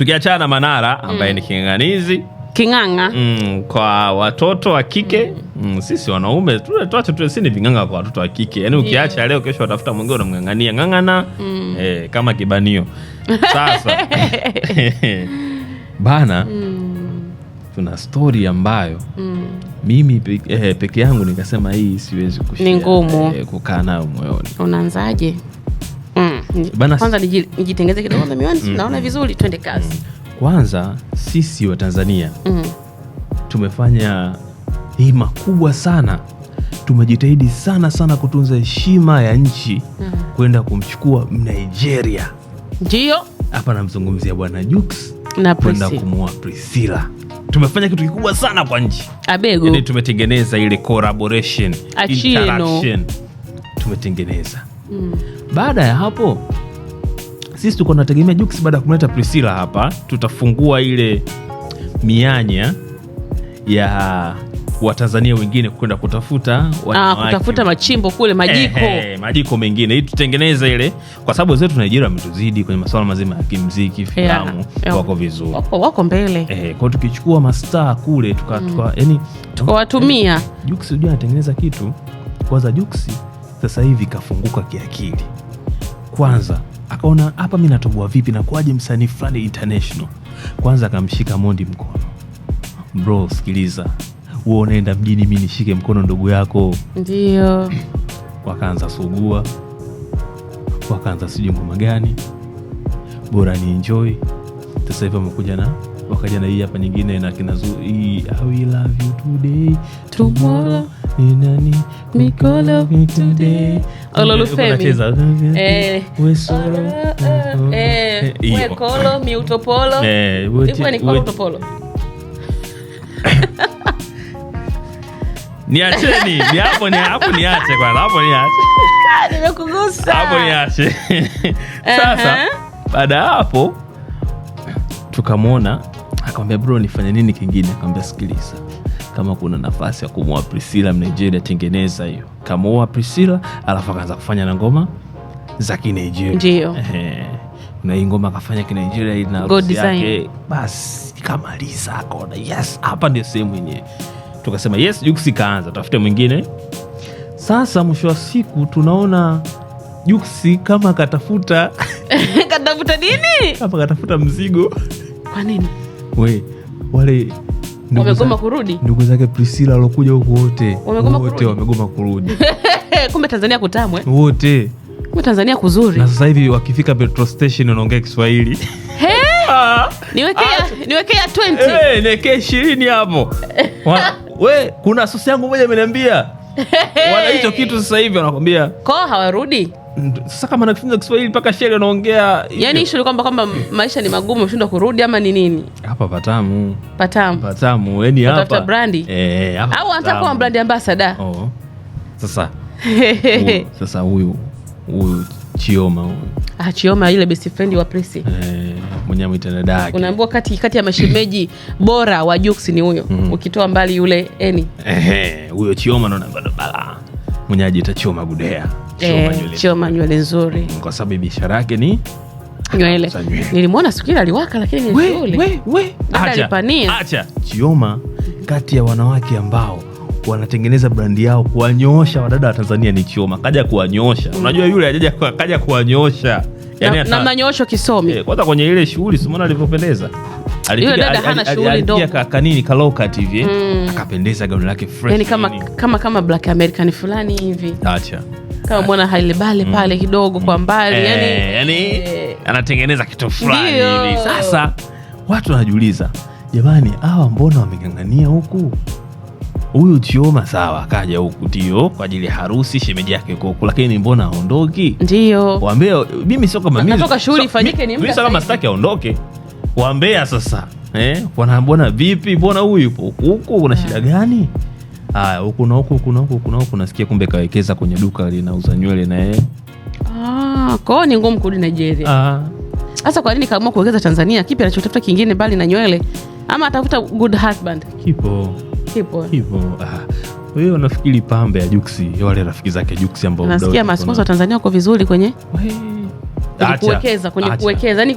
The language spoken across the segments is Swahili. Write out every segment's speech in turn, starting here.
tukiachana na Manara mm. ambaye mm. ni king'ang'anizi king'ang'a mm, kwa watoto wa kike mm, mm sisi wanaume tuache tu, si ni ving'ang'a kwa watoto wa kike yani, ukiacha leo, kesho watafuta mwingine unamng'ang'ania ng'ang'ana mm. eh, kama kibanio sasa bana mm. tuna stori ambayo mm. mimi pe, eh, peke yangu nikasema hii siwezi kushia, ni ngumu eh, kukaa nayo moyoni. Unaanzaje? Mm. Bana, kwanza nijitengeze kidogo na miwani, mm. naona vizuri, twende mm. kazi. Kwanza sisi wa Tanzania mm. tumefanya hima kubwa sana, tumejitahidi sana sana kutunza heshima ya nchi mm. kwenda kumchukua Mnigeria, ndio hapa namzungumzia bwana Jux na kwenda kumua Priscilla. Tumefanya kitu kikubwa sana kwa nchi abego, yani tumetengeneza ile collaboration interaction, tumetengeneza mm. Baada ya hapo sisi tuko tunategemea Jux baada ya kumleta Priscilla hapa, tutafungua ile mianya ya Watanzania wengine kwenda kutafuta ah, kutafuta machimbo kule majiko eh, eh, majiko mengine ili tutengeneze ile, kwa sababu wenzetu Nigeria wametuzidi kwenye masuala mazima ya kimziki, filamu yeah, wako vizuri, wako, wako mbele eh, kwa tukichukua mastaa kule tuka, mm. yani, tukawatumia Jux, unajua anatengeneza kitu kwanza. Jux sasa hivi kafunguka kiakili kwanza akaona hapa mi natoboa vipi na kuaje msanii fulani international. Kwanza akamshika Mondi mkono. Bro, sikiliza, uo unaenda mjini, mi nishike mkono ndugu yako. Ndio wakaanza sugua, wakaanza sijui ngoma gani, bora ni enjoy. Sasa hivi amekuja na wakaja na hii hapa nyingine na kinazu hii I will love you today tomorrow inani mikono today ololufemicheza wesoro wekolo miutopolo utopolo niacheni ni hapo ni hapo ache kwanza hapo ache nimekugusa hapo ache sasa baada ya hapo tukamwona nikamwambia bro, nifanye nini kingine? Akamwambia sikiliza, kama kuna nafasi ya kumwoa prisila Mnigeria, tengeneza hiyo. Kamuoa prisila alafu akaanza kufanya na ngoma za Kinigeria, ndio na hii ngoma akafanya Kinigeria ina harusi yake, basi ikamaliza. Akaona yes, hapa ndio sehemu yenyewe. Tukasema yes, Juksi kaanza tafute mwingine. Sasa mwisho wa siku tunaona Juksi kama akatafuta katafuta nini, kama katafuta mzigo. Kwa nini? we wale wamegoma kurudi, ndugu zake Priscilla alokuja huku wote wote wamegoma kurudi. Kumbe Tanzania kutamwe wote, kumbe Tanzania kuzuri. Na sasa hivi wakifika petrol station wanaongea Kiswahili. Niwekea ah. hey, ishirini hapo we, kuna sosi yangu moja ameniambia wanaicho kitu sasa hivi wanakwambia ko hawarudi sasa kama nakufunza Kiswahili mpaka sheli anaongea yani, ishu kwamba kwamba maisha ni magumu, ushindwa kurudi ama ni nini? Hapa patamu patamu patamu, yani hapa tafuta brandi eh, eh au anataka kuwa brandi ambassador. Oh, sasa huyu, sasa huyu huyu Chioma huyu, ah, Chioma ile best friend wa Presi eh, mwenye amuita dadake, unaambiwa kati kati ya mashemeji bora wa Jux ni huyo mm. Ukitoa mbali yule eni eh, eh, huyo Chioma ndo bado bala mwenye ajiita Chioma Gudea Choma eh, nywele nzuri kwa sababu biashara yake ni nywele. Nilimwona siku ile aliwaka, lakini we. Acha Chioma kati ya wanawake ambao wanatengeneza brandi yao kuwanyoosha wadada wa Tanzania ni Chioma. Kaja kuwanyoosha, mm. unajua yule ajaja, kaja kuwanyoosha yani na, yaani na manyoosho kisomi eh, kwanza kwenye ile shughuli simona alivyopendeza kanini kalokati hivi eh? mm. akapendeza gauni lake fresh yani kama, kama, kama black american fulani hivi acha kama mwana Hailebale mm. pale kidogo kwa mbali eh, yani, yani, eh, anatengeneza kitu fulani hivi. Sasa watu wanajiuliza, jamani, hawa mbona wamegangania huku? Huyu Tioma sawa, akaja huku tio kwa ajili ya harusi, shemeji yake yuko huku, lakini mbona aondoki? Ndio waambie mimi, sio kama mimi natoka shughuli ifanyike, ni mimi kama sitaki aondoke, waambie sasa eh, bwana, mbona vipi, mbona huyu yupo huku, kuna shida mm. gani? haya huku na huku huku na huku huku na huku, nasikia kumbe kawekeza kwenye duka linauza nywele na yeye ah, kwao ni ngumu kurudi Nigeria ah. sasa. kwa nini kaamua kuwekeza Tanzania? Kipi anachotafuta kingine mbali na nywele, ama atafuta good husband? Kipo kipo kipo. Ah, wewe unafikiri pambe ya Juksi, wale rafiki zake Juksi ambao nasikia masponsa wa Tanzania wako vizuri kwenye kuwekeza kwenye kuwekeza, yani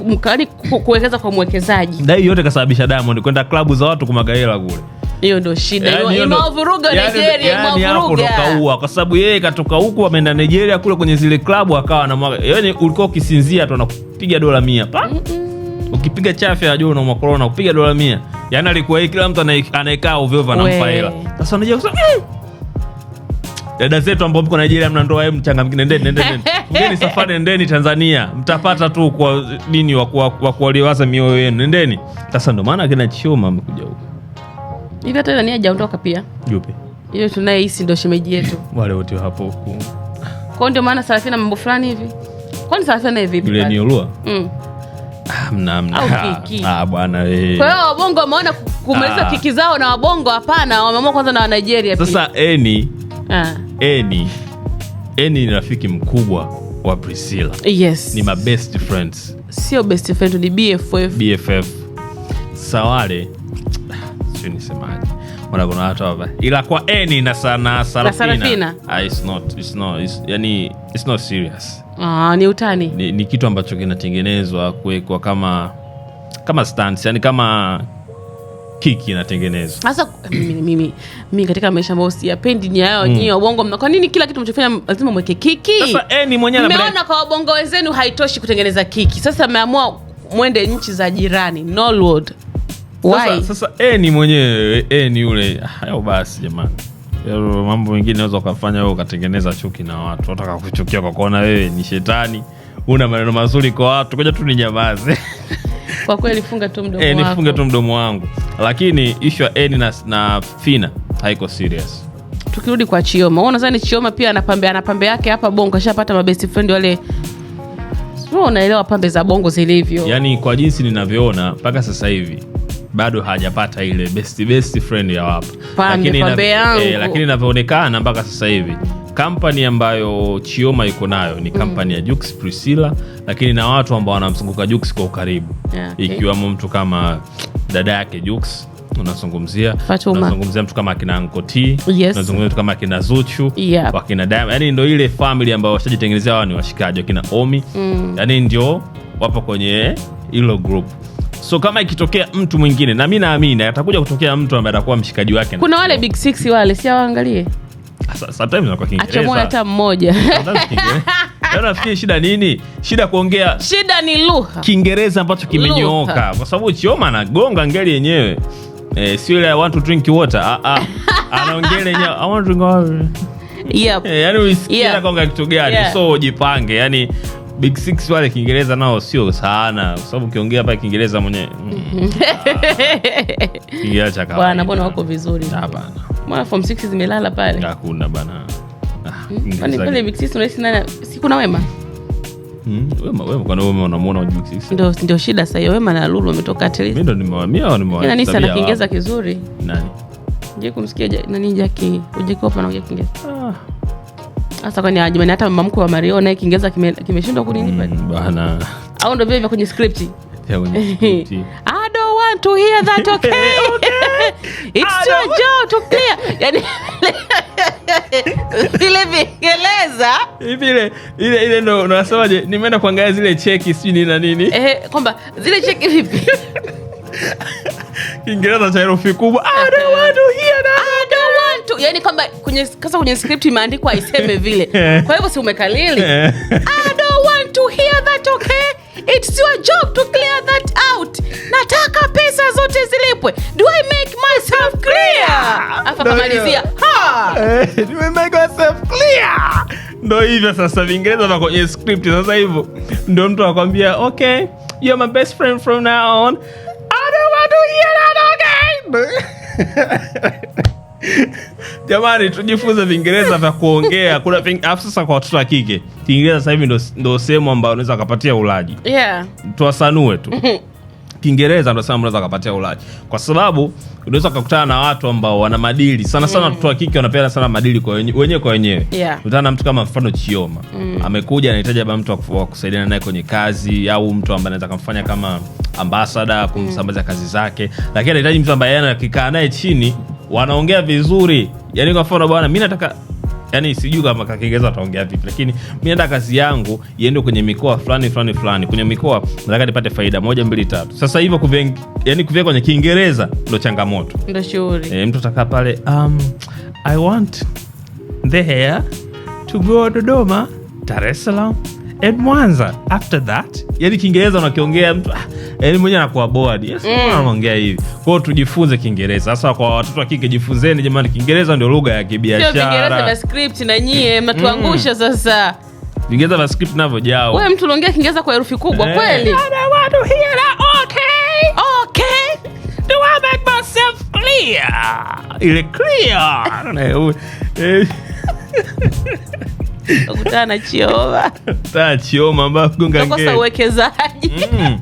kuwekeza kwa mwekezaji. Dai yote kasababisha Diamond kwenda klabu za watu kumagaela kule hiyo yaani yaani yaani ndo shida imewavuruga Nigeria, imewavuruga kaua, kwa sababu yeye katoka huku ameenda Nigeria kule kwenye zile klabu akawa na mwaga, yaani ulikuwa ukisinzia tu anakupiga dola mia pa mm -mm. ukipiga chafya ajua unaumwa korona, kupiga dola mia yani alikuwa hii, kila mtu anayekaa ovyo ovyo anampa hela. Sasa unaja kusema eh! dada zetu ambao mko Nigeria mna ndoa yenu mchangamke, nendeni nendeni ngeni safari, nendeni Tanzania mtapata tu kwa nini wa kuwaliwaza mioyo yenu, nendeni. Sasa ndo maana kina Chioma amekuja huko Hivi hata nani hajaondoka pia? Yupi? hiyo tunaye hisi ndio shemeji yetu. Wale wote hapo huko. Kwa ndio maana na mambo fulani hivi. Kwa nini Sarafina hivi? Yule ni Olua. Mm. Amna ah, ah bwana eh. Kwa hiyo wabongo wameona kumaliza ah, kiki zao na wabongo hapana, wameamua kwanza na Nigeria pia. Sasa eni. Ah. Eni. Eni ni rafiki mkubwa wa Priscilla. Yes. Ni my best friends. Sio best friend ni BFF. BFF. Sawale sijui nisemaje mana kuna watu hapa ila kwa eni na sana sarafina ah, it's not, it's not, it's, yani, it's not serious ah, ni utani ni, ni kitu ambacho kinatengenezwa kuwekwa kama kama stance, yani kama kiki inatengenezwa sasa mimi, mimi katika maisha ambayo siyapendi ni hayo mm. nyiwa bongo mna kwa nini kila kitu mnachofanya lazima mweke kiki sasa eh, ni mwenyewe mmeona kwa wabongo wenzenu haitoshi kutengeneza kiki sasa mmeamua mwende nchi za jirani Norwood Why? Sasa, sasa e ni mwenyewe e ni ule Hayo basi jamani, yaani, mambo mengine naweza ukafanya wewe ukatengeneza chuki na watu, kuchukia kwa kuona wewe ni shetani, una maneno mazuri kwa watu, koja tu ni nyamaze. Kwa kweli funga tu mdomo e, nifunge tu mdomo wangu, lakini ishu ya Eni na, na Fina haiko serious. Tukirudi kwa Chioma, unadhani Chioma pia anapambe anapambe yake hapa Bongo, ashapata mabest friend wale unaelewa pambe za Bongo zilivyo, yani kwa jinsi ninavyoona mpaka sasa hivi bado hajapata ile best best friend ya wapo, eh, lakini inavyoonekana mpaka sasa hivi kampani ambayo Chioma iko nayo ni kampani mm. ya Jux Priscilla, lakini na watu ambao wanamzunguka Jux kwa ukaribu yeah, okay. ikiwamo mtu kama dada yake Jux unazungumzia unazungumzia mtu kama akina Ankoti, yes. unazungumzia mtu kama akina Zuchu yep. wakina Diamond, yani ndo ile famili ambayo washajitengenezea wao ni washikaji wakina Omi mm. yani ndio wapo kwenye hilo group So kama ikitokea mtu mwingine, na mi naamini atakuja kutokea mtu ambaye atakuwa mshikaji wake. Kuna wale big six wale, siawaangalie waangalie hata mmoja nafikiri shida nini? Shida kuongea, shida ni lugha Kiingereza ambacho kimenyooka, kwa sababu Chioma anagonga ngeli yenyewe eh, sio ile I want to drink water, ah, ah. anaongea yenyewe I want to drink water. Yep. Eh, yani usikia anagonga kitu gani? So jipange yani Big Six wale Kiingereza nao sio sana, kwa sababu ukiongea pale Kiingereza mwenyewe Kiingereza cha kawaida bwana, mbona wako vizuri? Hapana, form 6 zimelala pale? Hakuna bana, pale ah, hmm? Big Six unaishi Wema hmm? ndio shida sasa hiyo. Wema na Lulu wametoka Kiingereza kizuri. Nani je kumsikia nani Jaki ujikopa na uja sasa kwani jamani, hata wa Mario naye Kiingereza kimeshindwa mm, bana, au ndio vile vya kwenye script I don't want to hear that okay, okay. it's to clear yani vile ile ile, ndo unasemaje? Nimeenda kuangalia zile cheki sijui nini na nini eh, kwamba zile cheki vipi Kiingereza cha herufi kubwa I don't want to hear that tu yani kwamba kwenye sasa kwenye script imeandikwa aiseme vile eh. kwa hivyo si umekalili eh. I don't want to hear that okay It's your job to clear that out. Nataka pesa zote zilipwe. Do I make myself clear? Ha. Eh, do I make myself clear? Ndo hivyo sasa Viingereza vya kwenye script sasa hivyo. Ndo mtu akwambia, "Okay, you're my best friend from now on." I don't want to hear that Jamani, tujifunze Vingereza vya kuongea. Kuna afu sasa kwa watoto wa kike Kiingereza sasa hivi ndo sehemu ambayo unaweza kupatia ulaji. Yeah. Tuwasanue tu Kiingereza ndo sehemu unaweza kupatia ulaji, kwa sababu unaweza kukutana na watu ambao wana madili sana sana. Mm. Watoto mm. wa kike wanapenda sana madili kwa wenyewe kwa wenyewe. Yeah. Kutana na mtu kama mfano Chioma mm. amekuja, anahitaji labda mtu wa kusaidiana naye kwenye kazi au mtu ambaye anaweza kumfanya kama ambasada kumsambaza kazi zake, lakini anahitaji mtu ambaye anakikaa naye chini wanaongea vizuri. Yani kwa mfano bwana, mi nataka yani sijui kama kwa ataongea vipi, lakini mi nataka kazi yangu iende kwenye mikoa fulani fulani fulani, kwenye mikoa nataka nipate faida moja mbili tatu. Sasa hivyo yani kuvia kwenye Kiingereza ndo changamoto, ndo shuhuri e, eh, mtu atakaa pale um, I want the hair to go Dodoma, Dar es Salaam and Mwanza after that. Yani Kiingereza unakiongea mtu ah, yaani mwenyewe anakuwa bod Yes, mm. anaongea hivi. kwao, tujifunze Kiingereza. hasa kwa watoto wa kike jifunzeni jamani, Kiingereza ndio lugha ya kibiashara. Sio na nyie mm. mnatuangusha mm. sasa. Kiingereza vya script navojaa. Wewe mtu unaongea Kiingereza kwa herufi kubwa eh. kweli? I don't want to hear that. Okay. Okay. Do I make myself clear? Ile clear. Eh. Kukutana Chioma. Taa Chioma ambayo gonga ngeli. Tunakosa uwekezaji. Mm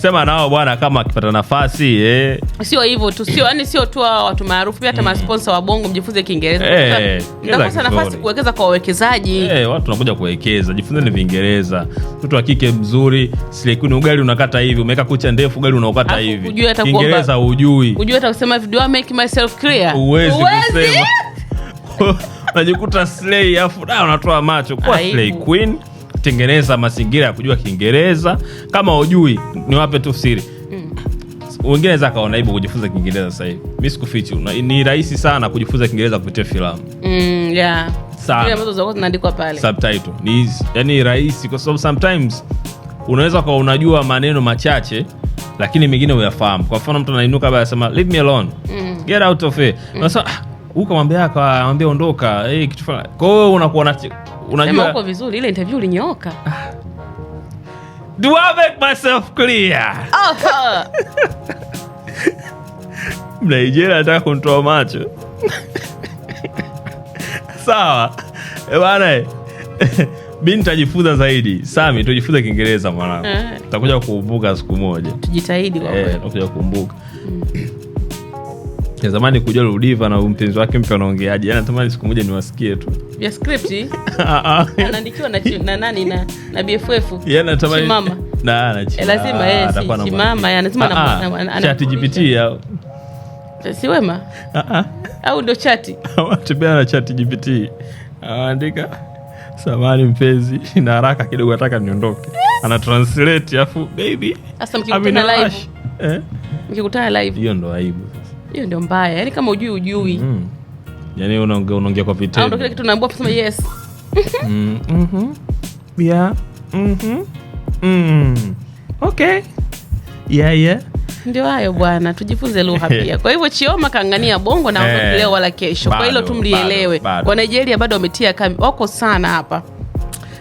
sema nao bwana, kama akipata nafasi eh. Sio hivyo tu, sio yani, sio tu watu maarufu, pia hata mm. masponsa wa Bongo mjifunze Kiingereza. Eh, nafasi kuwekeza kwa wawekezaji eh, watu wanakuja kuwekeza. Jifunzeni viingereza Mtoto wa kike mzuri, silikuni ugali unakata hivi, umeweka kucha ndefu, ugali unaokata hivi. Kiingereza hujui, hujui hata kusema do I make myself clear, kusema unajikuta slay, afu da ah, unatoa macho kwa slay queen kutengeneza mazingira ya kujua Kiingereza. Kama ujui, niwape tu siri mm. wengine weza kaona aibu kujifunza Kiingereza sasa hivi. Mi sikufichi, ni rahisi sana kujifunza Kiingereza kupitia filamu mm, yeah. Subtitle ni yani rahisi, kwa sababu sometimes unaweza ukawa unajua maneno machache lakini mengine uyafahamu. Kwa mfano mtu anainuka baya asema leave me alone mm. get out of here mm. Nasema ah, huko mwambia akamwambia ondoka, hey, kitu fulani. Kwa hiyo unakuwa Unajua uko vizuri, ile interview ulinyooka. Do I make myself clear? Mnaijeria anataka kunitoa macho sawa eh, bana. Mi nitajifunza zaidi. Sami, tujifunze Kiingereza mwanangu, eh. takuja kukumbuka siku moja. Tujitahidi kwa eh, kweli, utakuja kukumbuka mm. zamani kujua Ludiva na mpenzi wake mpya wanaongeaje. Yani natamani siku moja niwasikie tu vya skripti eh? ah, ah. anaandikiwa na nani na, na BFF lazima eh, si wema ah, au ndo chati tembea na anaandika samani mpenzi, na haraka kidogo, nataka niondoke, ana translate afu baby. Sasa mkikutana live, eh? mkikutana live, hiyo ndo aibu, hiyo ndo mbaya, yaani kama ujui ujui mm mm-hmm yani unaongea unaongea kwa vitendo, kile kitu naambiwa kusema yes. Mm, mm-hmm. yeah. Mm-hmm. Mm-hmm. okay yeah, yeah. Ndio hayo bwana, tujifunze lugha pia. Kwa hivyo Chioma kang'ania bongo na eh, leo wala kesho, kwa hilo tu mlielewe. Wa Nigeria bado wametia kami, wako sana hapa.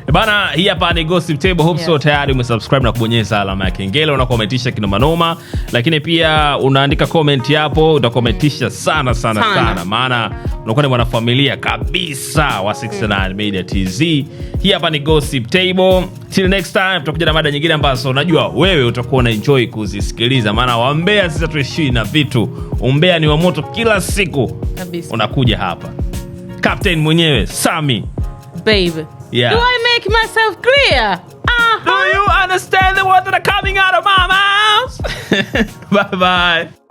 Eh, bana, hii hapa ni Gossip Table. Hope so tayari umesubscribe na kubonyeza alama ya kengele, unakometisha kinoma noma, lakini pia unaandika comment hapo, utakometisha sana sana sana, sana. maana unakuwa ni mwanafamilia kabisa wa 69 mm. Media TZ. Hii hapa ni Gossip Table. Till next time tutakuja na mada nyingine ambazo unajua wewe utakuwa una enjoy kuzisikiliza, maana wambea sisi tuishii na vitu, umbea ni wa moto kila siku kabisa. Unakuja hapa Captain mwenyewe Sami Babe. Yeah. Do I make myself clear? Uh-huh. Do you understand the words that are coming out of my mouth? bye bye.